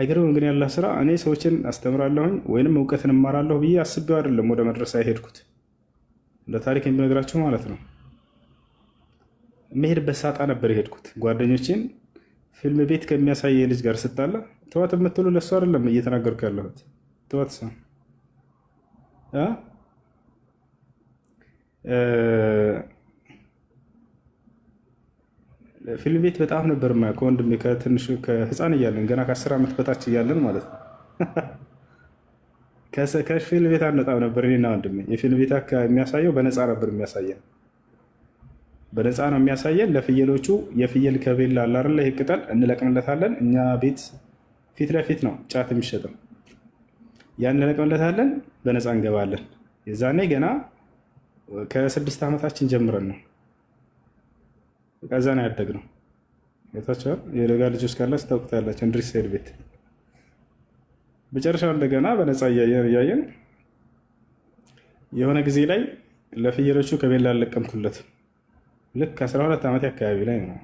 አይገርም ግን ያላህ ስራ። እኔ ሰዎችን አስተምራለሁኝ ወይንም እውቀትን እማራለሁ ብዬ አስቤው አይደለም ወደ መድረሳ የሄድኩት፣ ለታሪክ የሚነግራቸው ማለት ነው። መሄድበት ሳጣ ነበር የሄድኩት። ጓደኞችን ፊልም ቤት ከሚያሳይ ልጅ ጋር ስታለ ተዋት የምትሉ ለእሱ አይደለም እየተናገርኩ ያለሁት። ተዋት ሰ ፊልም ቤት በጣም ነበር ማ ከወንድሜ ከትንሽ ከህፃን እያለን ገና ከአስር ዓመት በታች እያለን ማለት ነው። ከፊልም ቤት አንወጣም ነበር እኔና ወንድሜ። የፊልም ቤት የሚያሳየው በነፃ ነበር የሚያሳየን፣ በነፃ ነው የሚያሳየን። ለፍየሎቹ የፍየል ከቤላ አላርላ ይህ ቅጠል እንለቅምለታለን። እኛ ቤት ፊት ለፊት ነው ጫት የሚሸጥም፣ ያን እንለቅምለታለን፣ በነፃ እንገባለን። የዛኔ ገና ከስድስት ዓመታችን ጀምረን ነው ከዛ ነው ያደግነው። ቦታቸው የደጋ ልጆች ካላችሁ ታውቁታላችሁ። እንድሪስ ቤት መጨረሻ እንደገና በነፃ እያየን እያየን የሆነ ጊዜ ላይ ለፍየሎቹ ከቤላ አለቀምኩለት። ልክ 12 ዓመት አካባቢ ላይ ነው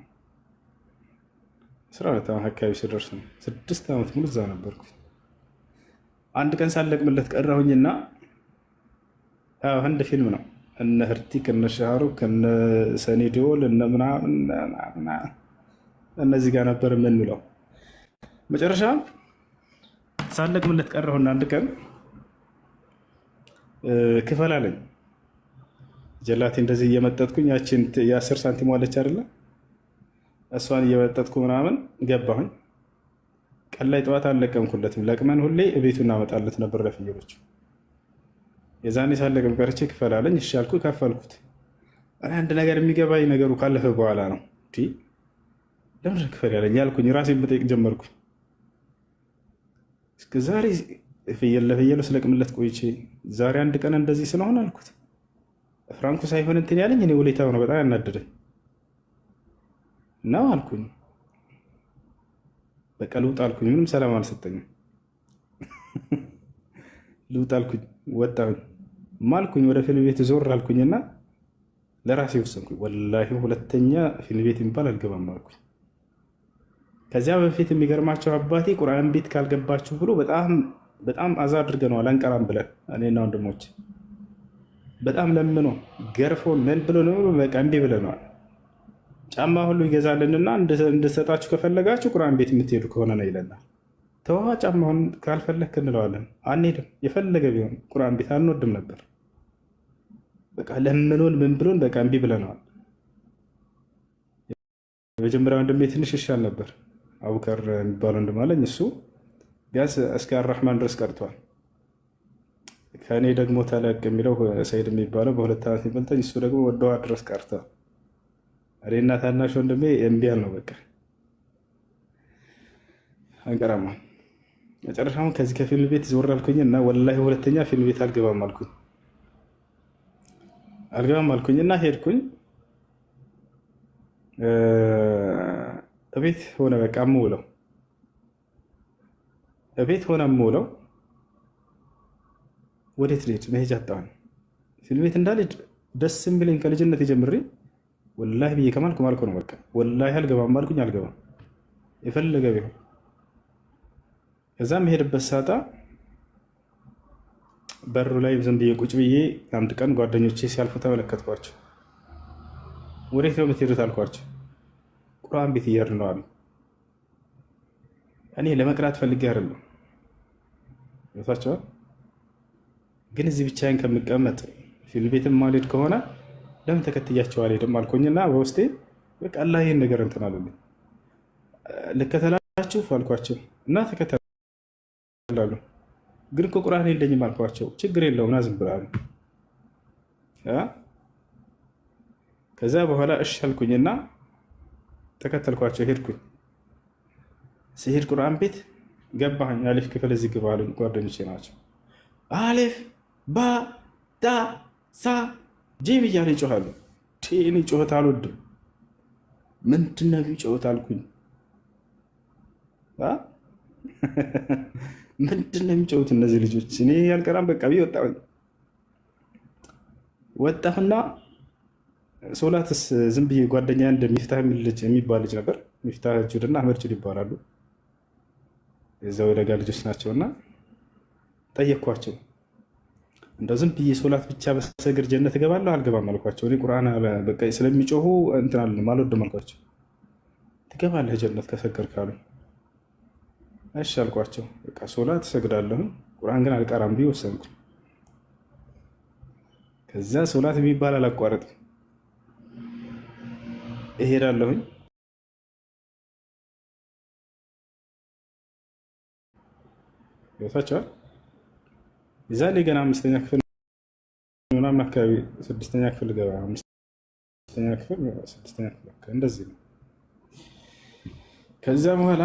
12 ዓመት አካባቢ ስደርስ ነው። ስድስት ዓመት ሙሉ እዛ ነበርኩ። አንድ ቀን ሳለቅምለት ቀራሁኝና አንድ ፊልም ነው እነ ህርቲክ እነ ሻሩክ እነ ሰኒ እነ ምናምን እነዚህ ጋር ነበር የምንለው። መጨረሻ ምለት ቀረሁና አንድ ቀን ክፈል አለኝ። ጀላቴ እንደዚህ እየመጠጥኩኝ ያችን የአስር ሳንቲም ዋለች አይደለ? እሷን እየመጠጥኩ ምናምን ገባሁኝ። ቀን ላይ ጠዋት አልለቀምኩለትም። ለቅመን ሁሌ ቤቱ እናመጣለት ነበር ለፍየሎች የዛኔ ሳለ ገብቀርቼ ክፈል አለኝ። ከፈልኩት። አንድ ነገር የሚገባኝ ነገሩ ካለፈ በኋላ ነው። ለምድ ክፈል ያለኝ ያልኩኝ ራሴን መጠየቅ ጀመርኩኝ። እስከ ዛሬ ፍየል ለፍየሉ ስለቅምለት ቆይቼ ዛሬ አንድ ቀን እንደዚህ ስለሆነ አልኩት። ፍራንኩ ሳይሆን እንትን ያለኝ እኔ ውለታው ነው በጣም ያናደደኝ ነው አልኩኝ። በቃ ልውጥ አልኩኝ። ምንም ሰላም አልሰጠኝም። ልውጥ አልኩኝ፣ ወጣሁኝ። ማልኩኝ። ወደ ፊልም ቤት ዞር አልኩኝና ለራሴ ወሰንኩኝ። ወላሂ ሁለተኛ ፊልም ቤት የሚባል አልገባም አልኩኝ። ከዚያ በፊት የሚገርማቸው አባቴ ቁርአን ቤት ካልገባችሁ ብሎ በጣም አዛ አድርገነዋል። አንቀራም ብለን እኔና ወንድሞች በጣም ለምኖ ገርፎ ምን ብሎ ነው በቃ እምቢ ብለነዋል። ጫማ ሁሉ ይገዛልንና እንድሰጣችሁ ከፈለጋችሁ ቁርአን ቤት የምትሄዱ ከሆነ ነው ይለናል። ተዋ ጫማውን ካልፈለክ እንለዋለን። አንሄድም። የፈለገ ቢሆን ቁርአን ቤት አንወድም ነበር። በቃ ለምኖን ምን ብሎን በቃ እምቢ ብለነዋል። የመጀመሪያ ወንድሜ ትንሽ ይሻል ነበር። አቡከር የሚባል ወንድም አለኝ። እሱ ቢያንስ እስከ አራህማን ድረስ ቀርቷል። ከእኔ ደግሞ ተለቅ የሚለው ሰይድ የሚባለው በሁለት ዓመት የሚበልጠኝ እሱ ደግሞ ወደዋ ድረስ ቀርቷል። እኔና ታናሽ ወንድሜ እምቢ ነው በቃ አንቀራማል መጨረሻውን ከዚህ ከፊልም ቤት ዞር አልኩኝ እና ወላሂ ሁለተኛ ፊልም ቤት አልገባም አልኩኝ አልገባም አልኩኝ እና ሄድኩኝ እቤት ሆነ በቃ የምውለው እቤት ሆነ የምውለው ወዴት ልሄድ መሄጃ አጣሁኝ ፊልም ቤት እንዳልሄድ ደስ የሚለኝ ከልጅነት ጀምሬ ወላሂ ብዬ ከማልኩ ማልኩ ነው በቃ ወላሂ አልገባም አልኩኝ አልገባም የፈለገ ቢሆን ከዛ መሄድበት ሳጣ በሩ ላይ ዝም ብዬ ቁጭ ብዬ አንድ ቀን ጓደኞቼ ሲያልፉ ተመለከትኳቸው። ወዴት ነው የምትሄዱት አልኳቸው። ቁርአን ቤት እየሄድን ነው አሉ። እኔ ለመቅራት ፈልጌ አይደለም ቸዋል፣ ግን እዚህ ብቻዬን ከምቀመጥ ፊልም ቤትም ማልሄድ ከሆነ ለምን ተከትያቸው አልሄድም አልኩኝና በውስጤ በቃ አላህ ይህን ነገር እንትን አለልኝ። ልከተላችሁ አልኳቸው እና ተከተ ይላሉ። ግን እኮ ቁርአን የለኝም አልኳቸው። ችግር የለውም ና ዝም ብላሉ። ከዛ በኋላ እሺ አልኩኝና ተከተልኳቸው ሄድኩኝ። ሲሄድ ቁርአን ቤት ገባኝ። አሊፍ ክፍል እዚህ ግባ አሉኝ። ጓደኞቼ ናቸው። አሊፍ ባ ዳ ሳ ጂም እያሉ ይጮኋሉ። ቴኒ ጮኸት አልወድም። ምንድነው ጮኸት አልኩኝ። ምንድን ነው የሚጫወት እነዚህ ልጆች? እኔ ያልቀራም በቃ ብዬ ወጣሁኝ። ወጣሁና ሶላትስ ዝም ብዬ ጓደኛ እንደ ሚፍታህ የሚባል ልጅ ነበር። ሚፍታህ ጁድና አህመድ ጁድ ይባላሉ። እዛው የደጋ ልጆች ናቸውና ጠየኳቸው። እንደው ዝም ብዬ ሶላት ብቻ በሰግር ጀነት እገባለሁ አልገባም አልኳቸው። እኔ ቁርአን በቃ ስለሚጮሁ እንትን አልወድም አልኳቸው። ትገባለህ ጀነት ከሰገር ካሉኝ እሺ አልኳቸው። በቃ ሶላት እሰግዳለሁ፣ ቁርአን ግን አልቀራም ብዬ ወሰንኩ። ከዛ ሶላት የሚባል አላቋረጥም እሄዳለሁኝ። ይወታቸዋል ላይ ገና አምስተኛ ክፍል ምናምን አካባቢ ስድስተኛ ክፍል ገባ አምስተኛ ክፍል ስድስተኛ ክፍል እንደዚህ ነው። ከዛ በኋላ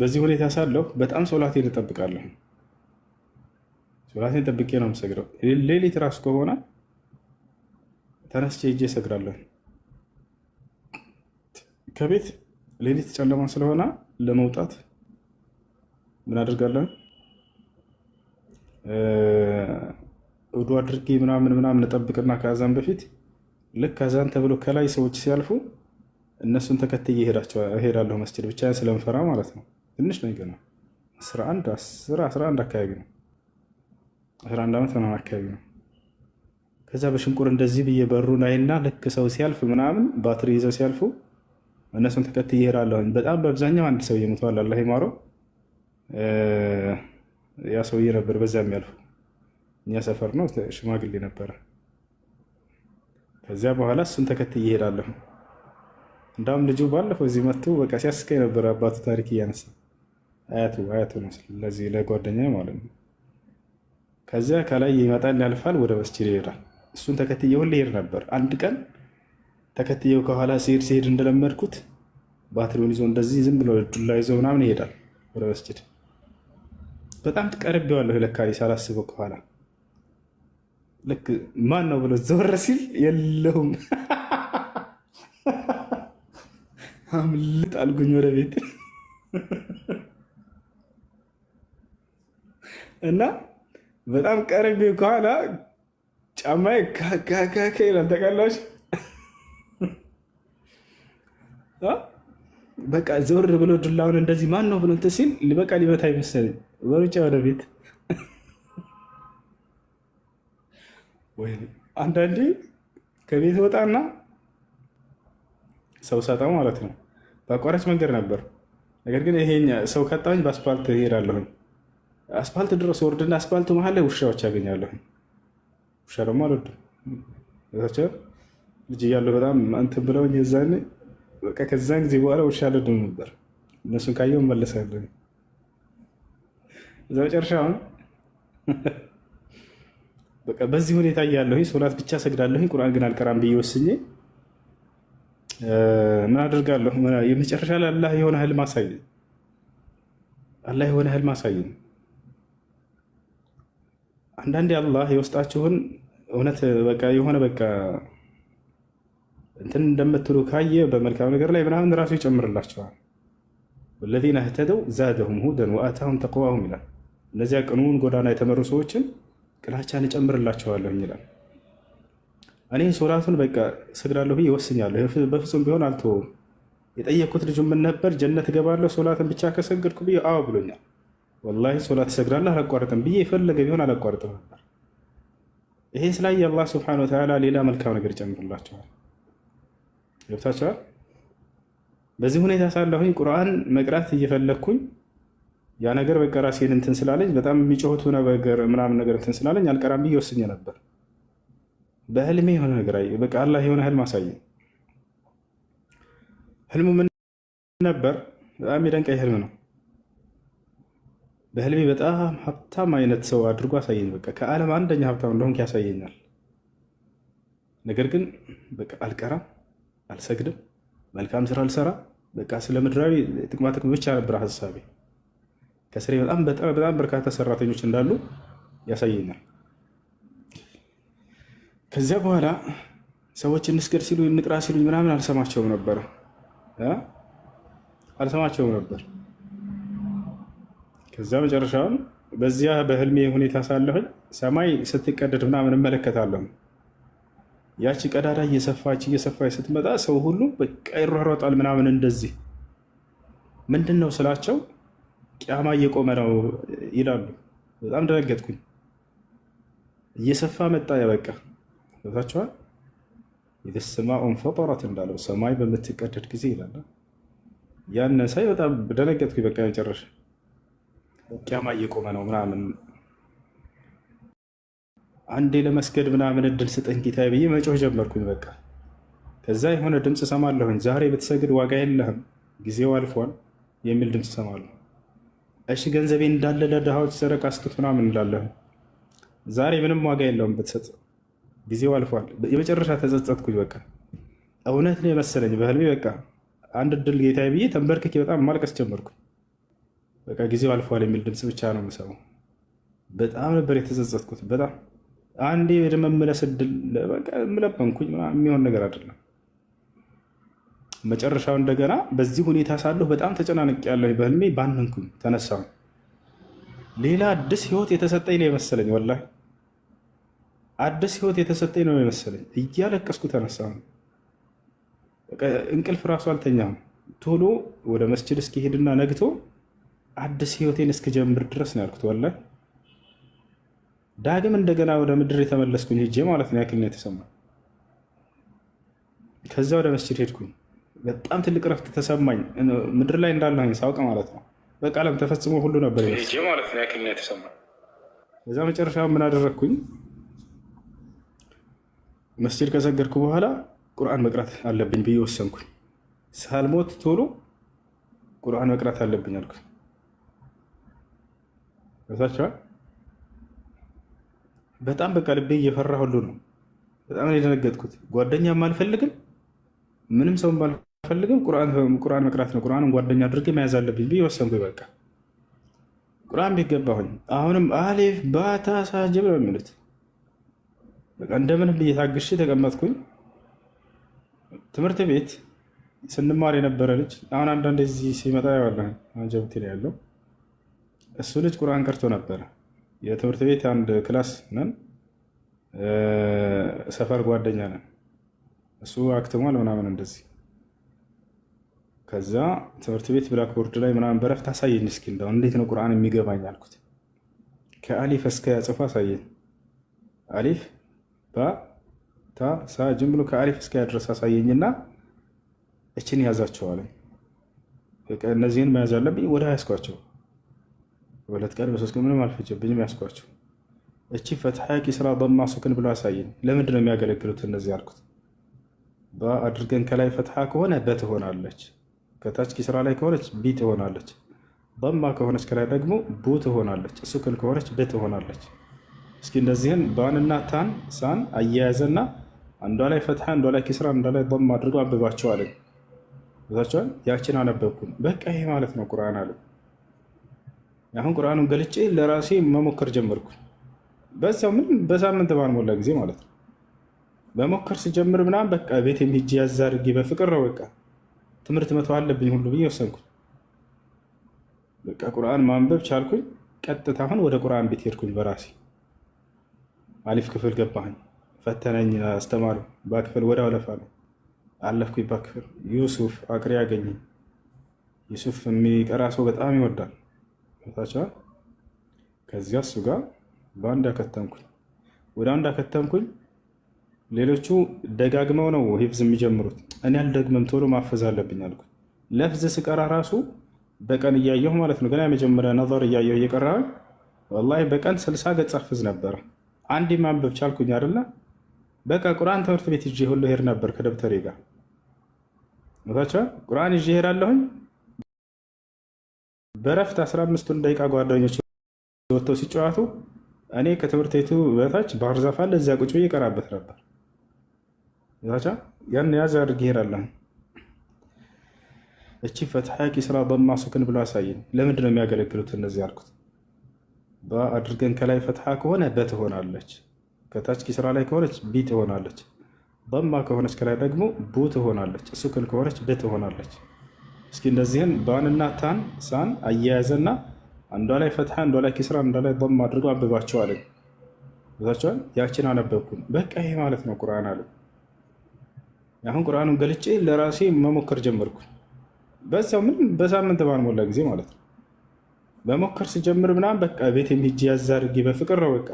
በዚህ ሁኔታ ሳለሁ በጣም ሶላቴን እጠብቃለሁ። ሶላቴን ጠብቄ ነው የምሰግደው። ሌሊት ራሱ ከሆነ ተነስቼ እጄ እሰግዳለሁ። ከቤት ሌሊት ጨለማ ስለሆነ ለመውጣት ምን አድርጋለሁ? ውዱ አድርጌ ምናምን ምናምን እጠብቅና ከአዛን በፊት ልክ አዛን ተብሎ ከላይ ሰዎች ሲያልፉ እነሱን ተከትዬ እሄዳለሁ መስጅድ ብቻ ስለምፈራ ማለት ነው። ትንሽ ነው ገና አስራ አንድ አካባቢ ነው አስራ ዓመት ምናምን አካባቢ ነው። ከዛ በሽንቁር እንደዚህ ብዬ በሩ አይና ልክ ሰው ሲያልፍ ምናምን ባትሪ ይዘው ሲያልፉ እነሱን ተከትዬ እሄዳለሁኝ። በጣም በአብዛኛው አንድ ሰውዬ ሞተዋል፣ አላህ ይማረው። ያ ሰውዬ ነበር በዛ የሚያልፉ እኛ ሰፈር ነው፣ ሽማግሌ ነበረ። ከዚያ በኋላ እሱን ተከትዬ እሄዳለሁ። እንዳውም ልጁ ባለፈው እዚህ መጥቶ በቃ ሲያስቀኝ ነበር። አባቱ ታሪክ እያነሳ አያቱ አያቱ ነው ለዚህ ለጓደኛ ማለት ነው። ከዚያ ከላይ ይመጣል ያልፋል፣ ወደ መስጂድ ይሄዳል። እሱን ተከትዬ ሁሌ ይሄድ ነበር። አንድ ቀን ተከትየው ከኋላ ሲሄድ ሲሄድ እንደለመድኩት ባትሪውን ይዞ እንደዚህ ዝም ብሎ ዱላ ይዞ ምናምን ይሄዳል ወደ መስጂድ። በጣም ቀርቤዋለሁ ለካ ሳላስበው ከኋላ ልክ ማን ነው ብሎ ዘወረ ሲል የለሁም አምልጥ አልጉኝ ወደ ቤት እና በጣም ቀርቤ ከኋላ ጫማ ካካካ ይላል። ተቀላሽ በቃ ዘወር ብሎ ዱላውን እንደዚህ ማን ነው ብሎ እንትን ሲል በቃ ሊመታ ይመሰለኝ በሩጫ ወደ ቤት። አንዳንዴ ከቤት ወጣና ሰው ሳጣ ማለት ነው። በአቋራጭ መንገድ ነበር። ነገር ግን ይሄ ሰው ከጣኝ በአስፓልት እሄዳለሁኝ። አስፓልት ድረስ ወርድና አስፓልቱ መሀል ላይ ውሻዎች ያገኛለሁኝ። ውሻ ደግሞ አልወድም። ታቸው ልጅ እያለሁ በጣም እንትን ብለውኝ የዛን በቃ ከዛን ጊዜ በኋላ ውሻ አልወድም ነበር። እነሱን ካየሁ እመለሳለሁ። እዛ መጨረሻ አሁን በቃ በዚህ ሁኔታ እያለሁኝ ሶላት ብቻ ሰግዳለሁኝ፣ ቁርአን ግን አልቀራም ብዬ ወስኜ ምን አደርጋለሁ? የመጨረሻ ላይ አላህ የሆነ ህልም አሳየኝ። አላህ የሆነ ህልም አሳየኝ። አንዳንዴ አላህ የውስጣችሁን እውነት በቃ የሆነ በቃ እንትን እንደምትሉ ካየ በመልካም ነገር ላይ ምናምን ራሱ ይጨምርላችኋል። ወለዚነ እህተደው ዛደሁም ሁደን ወአታሁም ተቅዋሁም ይላል። እነዚያ ቅኑን ጎዳና የተመሩ ሰዎችን ቅናቻን እጨምርላችኋለሁ ይላል። እኔ ሶላቱን በቃ ሰግዳለሁ ብዬ ይወስኛለሁ። በፍጹም ቢሆን አልተወውም። የጠየቅኩት ልጁ ምን ነበር ጀነት እገባለሁ ሶላትን ብቻ ከሰገድኩ ብዬ አዎ ብሎኛል። ወላሂ ሶላት እሰግዳለሁ አላቋርጥም ብዬ የፈለገ ቢሆን አላቋርጥም ነበር። ይሄ ስላይ የአላህ ስብሐነ ወተዓላ ሌላ መልካም ነገር ይጨምርላቸዋል። ገብታቸዋል። በዚህ ሁኔታ ሳለሁኝ ቁርአን መቅራት እየፈለግኩኝ ያ ነገር በቃ ራሴን እንትን ስላለኝ በጣም የሚጮሁት ነገር ምናምን ነገር እንትን ስላለኝ አልቀራም ብዬ ወስኜ ነበር። በህልሜ የሆነ ነገር አየሁ። በቃ አላህ የሆነ ህልም አሳየኝ። ህልሙ ምን ነበር? በጣም የደንቀኝ ህልም ነው። በህልሜ በጣም ሀብታም አይነት ሰው አድርጎ አሳየኝ። በቃ ከዓለም አንደኛ ሀብታም እንደሆንክ ያሳየኛል። ነገር ግን በቃ አልቀራም፣ አልሰግድም፣ መልካም ስራ አልሰራ። በቃ ስለ ምድራዊ ጥቅማ ጥቅም ብቻ ነበር ሀሳቤ። ከስሬ በጣም በጣም በርካታ ሰራተኞች እንዳሉ ያሳየኛል። ከዚያ በኋላ ሰዎች እንስገድ ሲሉ እንቅራ ሲሉ ምናምን አልሰማቸውም ነበረ አልሰማቸውም ነበር። ከዛ መጨረሻውን በዚያ በህልሜ ሁኔታ ሳለሁኝ ሰማይ ስትቀደድ ምናምን እመለከታለሁ። ያቺ ቀዳዳ እየሰፋች እየሰፋች ስትመጣ ሰው ሁሉ በቃ ይሯሯጣል ምናምን። እንደዚህ ምንድን ነው ስላቸው ቅያማ እየቆመ ነው ይላሉ። በጣም ደነገጥኩኝ። እየሰፋ መጣ። በቃ ታችኋል። ይህ ሰማኡን ፈጠረት እንዳለው ሰማይ በምትቀደድ ጊዜ ይላል። ያን ሳይ በጣም ደነገጥኩ። በቃ መጨረሻ ቅያማ እየቆመ ነው ምናምን አንዴ ለመስገድ ምናምን እድል ስጠኝ ጌታ ብዬ መጮህ ጀመርኩኝ። በቃ ከዛ የሆነ ድምፅ ሰማለሁኝ። ዛሬ ብትሰግድ ዋጋ የለህም ጊዜው አልፏል የሚል ድምፅ ሰማለሁ። እሺ ገንዘቤ እንዳለ ለድሃዎች ሰረቅ አስጡት ምናምን እንላለሁ። ዛሬ ምንም ዋጋ የለውም ብትሰጥ ጊዜው አልፏል። የመጨረሻ ተጸጸትኩኝ። በቃ እውነት ነው የመሰለኝ በህልሜ በቃ አንድ እድል ጌታ ብዬ ተንበርክኬ በጣም ማልቀስ ጀመርኩ። በቃ ጊዜው አልፏል የሚል ድምፅ ብቻ ነው ምሰው። በጣም ነበር የተጸጸትኩት። በጣም አንዴ ወደ መመለስ በቃ ምለመንኩኝ። የሚሆን ነገር አይደለም። መጨረሻው እንደገና በዚህ ሁኔታ ሳለሁ በጣም ተጨናነቅ ያለሁ በህልሜ ባንንኩኝ፣ ተነሳሁኝ። ሌላ አዲስ ህይወት የተሰጠኝ ነው የመሰለኝ ወላሂ አዲስ ህይወት የተሰጠኝ ነው የመሰለኝ። እያለቀስኩ ተነሳሁ። እንቅልፍ ራሱ አልተኛም። ቶሎ ወደ መስጅድ እስኪሄድና ነግቶ አዲስ ህይወቴን እስክጀምር ድረስ ነው ያልኩት። ወለ ዳግም እንደገና ወደ ምድር የተመለስኩኝ ሄጄ ማለት ነው። ያክል ነው የተሰማኝ። ከዛ ወደ መስጅድ ሄድኩኝ። በጣም ትልቅ ረፍት ተሰማኝ። ምድር ላይ እንዳለኝ ሳውቅ ማለት ነው። በቃ ለም ተፈጽሞ ሁሉ ነበር ማለት ነው። ያክል ነው የተሰማኝ። ከዛ መጨረሻ ምን አደረግኩኝ? መስጅድ ከሰገድኩ በኋላ ቁርአን መቅራት አለብኝ ብዬ ወሰንኩኝ። ሳልሞት ቶሎ ቁርአን መቅራት አለብኝ አልኩ። ታቸዋል በጣም በቃ ልቤ እየፈራ ሁሉ ነው። በጣም ነው የደነገጥኩት። ጓደኛም አልፈልግም፣ ምንም ሰውም አልፈልግም። ቁርአን መቅራት ነው። ቁርአንን ጓደኛ አድርጌ መያዝ አለብኝ ብዬ ወሰንኩኝ። በቃ ቁርአን ቢገባሁኝ አሁንም አሌፍ ባታ ሳጅብ ነው የሚሉት እንደምንም ብዬ ታግሼ ተቀመጥኩኝ። ትምህርት ቤት ስንማር የነበረ ልጅ አሁን አንዳንድ እዚህ ሲመጣ ያዋለን ጀቡቲ ላይ ያለው እሱ ልጅ ቁርአን ቀርቶ ነበረ። የትምህርት ቤት አንድ ክላስ ነን፣ ሰፈር ጓደኛ ነን። እሱ አክትሟል ምናምን እንደዚህ። ከዛ ትምህርት ቤት ብላክቦርድ ላይ ምናምን በረፍት አሳየኝ እስኪ እንደው እንዴት ነው ቁርአን የሚገባኝ አልኩት። ከአሊፍ እስከ ያጽፋ አሳየኝ አሊፍ ጅም ብሎ ከአሪፍ እስከ ያድረስ አሳየኝና እችን ያዛቸዋለኝ እነዚህን መያዝ አለብኝ። ወደ ያስኳቸው በሁለት ቀን በሶስት ቀን ምንም አልፈጀብኝም። ያስኳቸው እቺ ፈትሐ ኪስራ በማ ሱክን ብሎ ያሳየኝ ለምንድን ነው የሚያገለግሉት እነዚህ አልኩት። በአድርገን ከላይ ፈትሐ ከሆነ በት ትሆናለች፣ ከታች ኪስራ ላይ ከሆነች ቢ ትሆናለች፣ በማ ከሆነች ከላይ ደግሞ ቡ ትሆናለች፣ ሱክን ከሆነች ብ ትሆናለች። እስኪ እንደዚህን ባንና ታን ሳን አያያዘና አንዷ ላይ ፈትሐ አንዷ ላይ ኪስራ አንዷ ላይ ም አድርገው አንብባቸው አለኝ። ዛቸዋል ያችን አነበብኩኝ። በቃ ይሄ ማለት ነው ቁርአን አለ። አሁን ቁርአኑን ገልጬ ለራሴ መሞከር ጀመርኩኝ። በዛው ምንም በሳምንት ባልሞላ ጊዜ ማለት ነው በሞከር ስጀምር ምናምን በቃ ቤት ሄጄ ያዝ አድርጌ በፍቅር ነው በቃ ትምህርት መተው አለብኝ ሁሉ ብዬ ወሰንኩኝ። በቃ ቁርአን ማንበብ ቻልኩኝ። ቀጥታ አሁን ወደ ቁርአን ቤት ሄድኩኝ በራሴ አሊፍ ክፍል ገባኝ። ፈተነኝ አስተማሪ በክፍል ወደ አለፋ አለፍኩኝ። በክፍል ዩሱፍ አቅሪ ያገኘኝ። ዩሱፍ የሚቀራ ሰው በጣም ይወዳል ታቻ ከዚያ እሱ ጋር በአንድ አከተምኩኝ። ወደ አንድ አከተምኩኝ። ሌሎቹ ደጋግመው ነው ሂፍዝ የሚጀምሩት። እኔ አልደግመም፣ ቶሎ ማፈዝ አለብኝ አልኩኝ። ለፍዝ ስቀራ ራሱ በቀን እያየሁ ማለት ነው። ገና የመጀመሪያ ነር እያየሁ እየቀራ ወላሂ በቀን ስልሳ ገጽ አፍዝ ነበረ። አንዴ ማንበብ ቻልኩኝ አይደለ? በቃ ቁርአን ትምህርት ቤት ይዤ ሁሉ ሄድ ነበር ከደብተሬ ጋር ታቸዋል። ቁርአን ይዤ ሄዳለሁኝ። በረፍት 15ቱን ደቂቃ ጓደኞች ወጥተው ሲጫወቱ እኔ ከትምህርት ቤቱ በታች ባህር ዛፍ አለ፣ እዚያ ቁጭ ብዬ እቀራበት ነበር። ቻ ያን ያዝ አድርጌ ሄዳለሁኝ። እቺ ፈትሐ ኪስራ በማሱክን ሱክን ብሎ አሳየኝ። ለምንድን ነው የሚያገለግሉት እነዚህ አልኩት። አድርገን ከላይ ፈትሓ ከሆነ ትሆናለች ከታች ኪስራ ላይ ከሆነች ቢ ትሆናለች። በማ ከሆነች ከላይ ደግሞ ቡ ትሆናለች። ሱክን ከሆነች ብ ትሆናለች። እስኪ እንደዚህን ባንና ታን ሳን አያያዘና አንዷ ላይ ፈትሓ አንዷ ላይ ኪስራ፣ አንዷ ላይ በማ አድርገው አንብባቸው አለኝ። ዛቸዋል ያችን አነበብኩኝ። በቃ ይሄ ማለት ነው ቁርአን አለ። አሁን ቁርአኑን ገልጬ ለራሴ መሞከር ጀመርኩኝ። በዛው ምንም በሳምንት ባልሞላ ጊዜ ማለት ነው። በሞከር ስጀምር ምናምን በቃ ቤት የሚጅ ያዝ አድርጌ በፍቅር ነው በቃ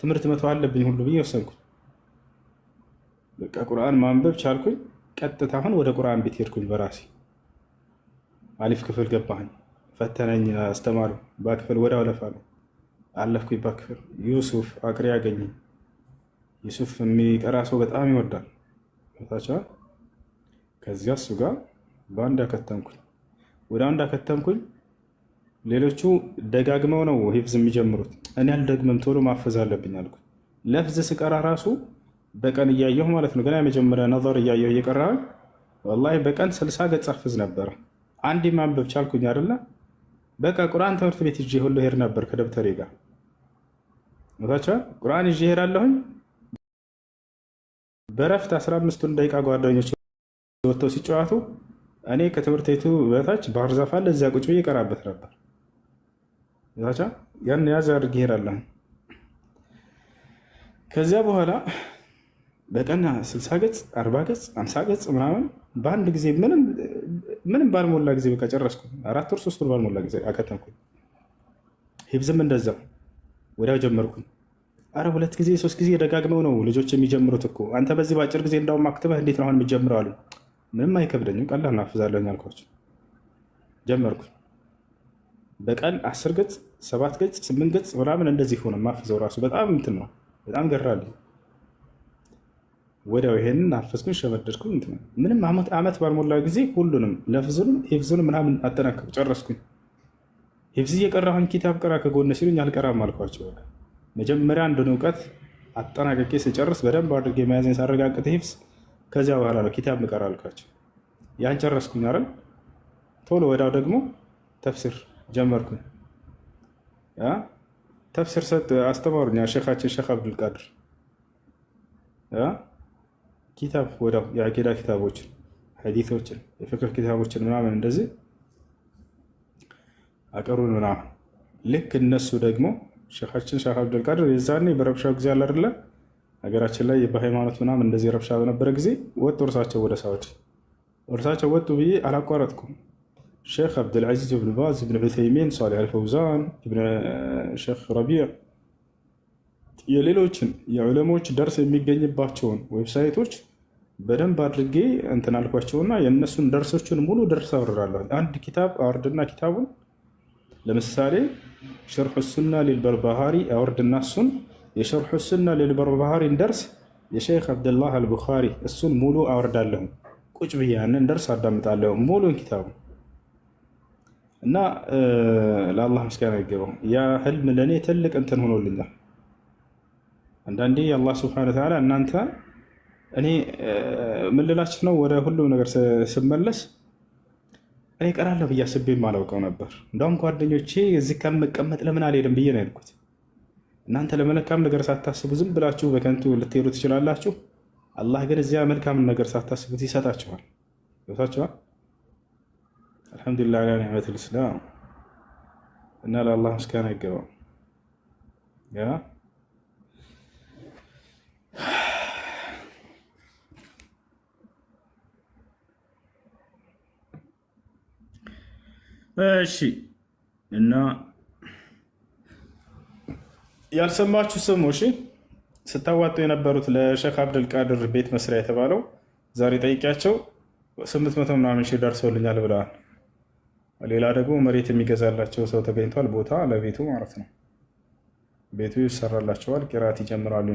ትምህርት መተው አለብኝ ሁሉ ብዬ ወሰንኩኝ። በቃ ቁርአን ማንበብ ቻልኩኝ። ቀጥታ አሁን ወደ ቁርአን ቤት ሄድኩኝ በራሴ አሊፍ ክፍል ገባኝ። ፈተነኝ አስተማሪ በክፍል ወደ አለፋ ነው አለፍኩኝ። በክፍል ዩሱፍ አቅሪ ያገኘኝ ዩሱፍ የሚቀራ ሰው በጣም ይወዳል ታቻ ከዚያ እሱ ጋር በአንድ አከተምኩኝ፣ ወደ አንድ አከተምኩኝ። ሌሎቹ ደጋግመው ነው ሂፍዝ የሚጀምሩት። እኔ አልደግምም ቶሎ ማፈዝ አለብኝ አልኩ። ለፍዝ ስቀራ ራሱ በቀን እያየሁ ማለት ነው። ገና የመጀመሪያ ነር እያየሁ እየቀራ ወላሂ በቀን ስልሳ ገጽ አፍዝ ነበረ። አንድ ማንበብ ቻልኩኝ አይደለ? በቃ ቁርአን ትምህርት ቤት ይዤ ሁሉ ሄድ ነበር ከደብተሬ ጋር ታቸዋል። ቁርአን ይዤ ሄዳለሁኝ። በረፍት 15ቱን ደቂቃ ጓደኞች ወጥተው ሲጫወቱ እኔ ከትምህርት ቤቱ በታች ባህር ዛፍ አለ እዚያ ቁጭ ብዬ እቀራበት ነበር። ዛቻ ያን ያዝ አድርግ ይሄዳለሁ። ከዚያ በኋላ በቀን 60 ገጽ 40 ገጽ 50 ገጽ ምናምን በአንድ ጊዜ ምንም ባልሞላ ጊዜ በቃ ጨረስኩ። አራት ወር ሶስት ወር ባልሞላ ጊዜ አከተምኩኝ። ሂብዝም እንደዛው ወዲያው ጀመርኩኝ። አረ ሁለት ጊዜ ሶስት ጊዜ ደጋግመው ነው ልጆች የሚጀምሩት እኮ። አንተ በዚህ በአጭር ጊዜ እንዳውም አክትበህ እንዴት ነው አሁን የሚጀምረው አሉ። ምንም አይከብደኝም፣ ቀላል ናፍዛለኝ አልኳቸው። ጀመርኩኝ በቀን አስር ገጽ ሰባት ገጽ ስምንት ገጽ ምናምን እንደዚህ ሆነ። ማፍዘው ራሱ በጣም እንትን ነው፣ በጣም ገራል። ወዲያው ይሄንን አፈዝኩኝ፣ ሸመደድኩኝ። እንትን ምንም አመት አመት ባልሞላ ጊዜ ሁሉንም ለፍዙንም ሂፍዙን ምናምን አጠናከቅ ጨረስኩኝ። ሂፍዝ እየቀራሁኝ ኪታብ ቀራ ከጎነ ሲሉኝ አልቀራም አልኳቸው። መጀመሪያ አንድን እውቀት አጠናቀቄ ስጨርስ በደንብ አድርጌ መያዘን ሳረጋግጥ ሂፍዝ፣ ከዚያ በኋላ ነው ኪታብ ምቀራ አልኳቸው። ያን ጨረስኩኝ አይደል? ቶሎ ወዲያው ደግሞ ተፍሲር ጀመርኩኝ። ተፍሲር ሰጥ አስተማሩኛ ሼካችን ሼክ አብዱልቃድር ኪታብ ወዳው የአቂዳ ኪታቦችን፣ ሐዲቶችን፣ የፍቅር ኪታቦችን ምናምን እንደዚህ አቀሩን ምናምን ልክ እነሱ ደግሞ ሼኻችን ሼክ አብዱልቃድር የዛኔ በረብሻው ጊዜ አለ አይደለ ሀገራችን ላይ በሃይማኖት ምናምን እንደዚህ ረብሻ በነበረ ጊዜ ወጡ። እርሳቸው ወደ ሳዎች እርሳቸው ወጡ ብዬ አላቋረጥኩም። الشيخ عبد العزيز بن باز بن ዑተይሚን صالح الفوزان ابن شيخ ربيع የሌሎችን የዑለሞች ደርስ የሚገኝባቸውን ዌብሳይቶች በደንብ አድርጌ እንትን አልኳቸውና የእነሱን ደርሶችን ሙሉ ደርስ አብራራለሁ። አንድ ኪታብ አወርድና ኪታቡን ለምሳሌ ሸርሑ ሱና ሊልበርባሃሪ አወርድና እሱን የሸርሑ ሱና ሊልበርባሃሪን ደርስ የሼክ አብደላህ አልቡኻሪ እሱን ሙሉ አወርዳለሁ። ቁጭ ብያንን ደርስ አዳምጣለሁ ሙሉን ኪታቡ እና ለአላህ ምስጋና ይገባው። ያ ህልም ለእኔ ትልቅ እንትን ሆኖልኛል። አንዳንዴ አላህ ስብሐነ ወተዓላ እናንተ እኔ ምልላችሁ ነው፣ ወደ ሁሉም ነገር ስመለስ እኔ ቀራለሁ ብዬ አስቤም አላውቀው ነበር። እንዳውም ጓደኞቼ እዚህ ከምቀመጥ ለምን አልሄድም ብዬ ነው ያልኩት። እናንተ ለመልካም ነገር ሳታስቡ ዝም ብላችሁ በከንቱ ልትሄዱ ትችላላችሁ። አላህ ግን እዚያ መልካም ነገር ሳታስቡት ይሰጣችኋል። ገብታችኋል? አልሐምዱሊላ አላ ኒዕመት ልእስላም እና ለአላህ ምስጋና ይገባው። ያ እሺ እና ያልሰማችሁ ስሙ። እሺ ስታዋጡ የነበሩት ለሼክ አብደልቃድር ቤት መስሪያ የተባለው ዛሬ ጠይቂያቸው ስምንት መቶ ምናምን ሺህ ደርሰውልኛል ብለዋል። ሌላ ደግሞ መሬት የሚገዛላቸው ሰው ተገኝቷል። ቦታ ለቤቱ ማለት ነው። ቤቱ ይሰራላቸዋል። ቂራት ይጀምራሉ።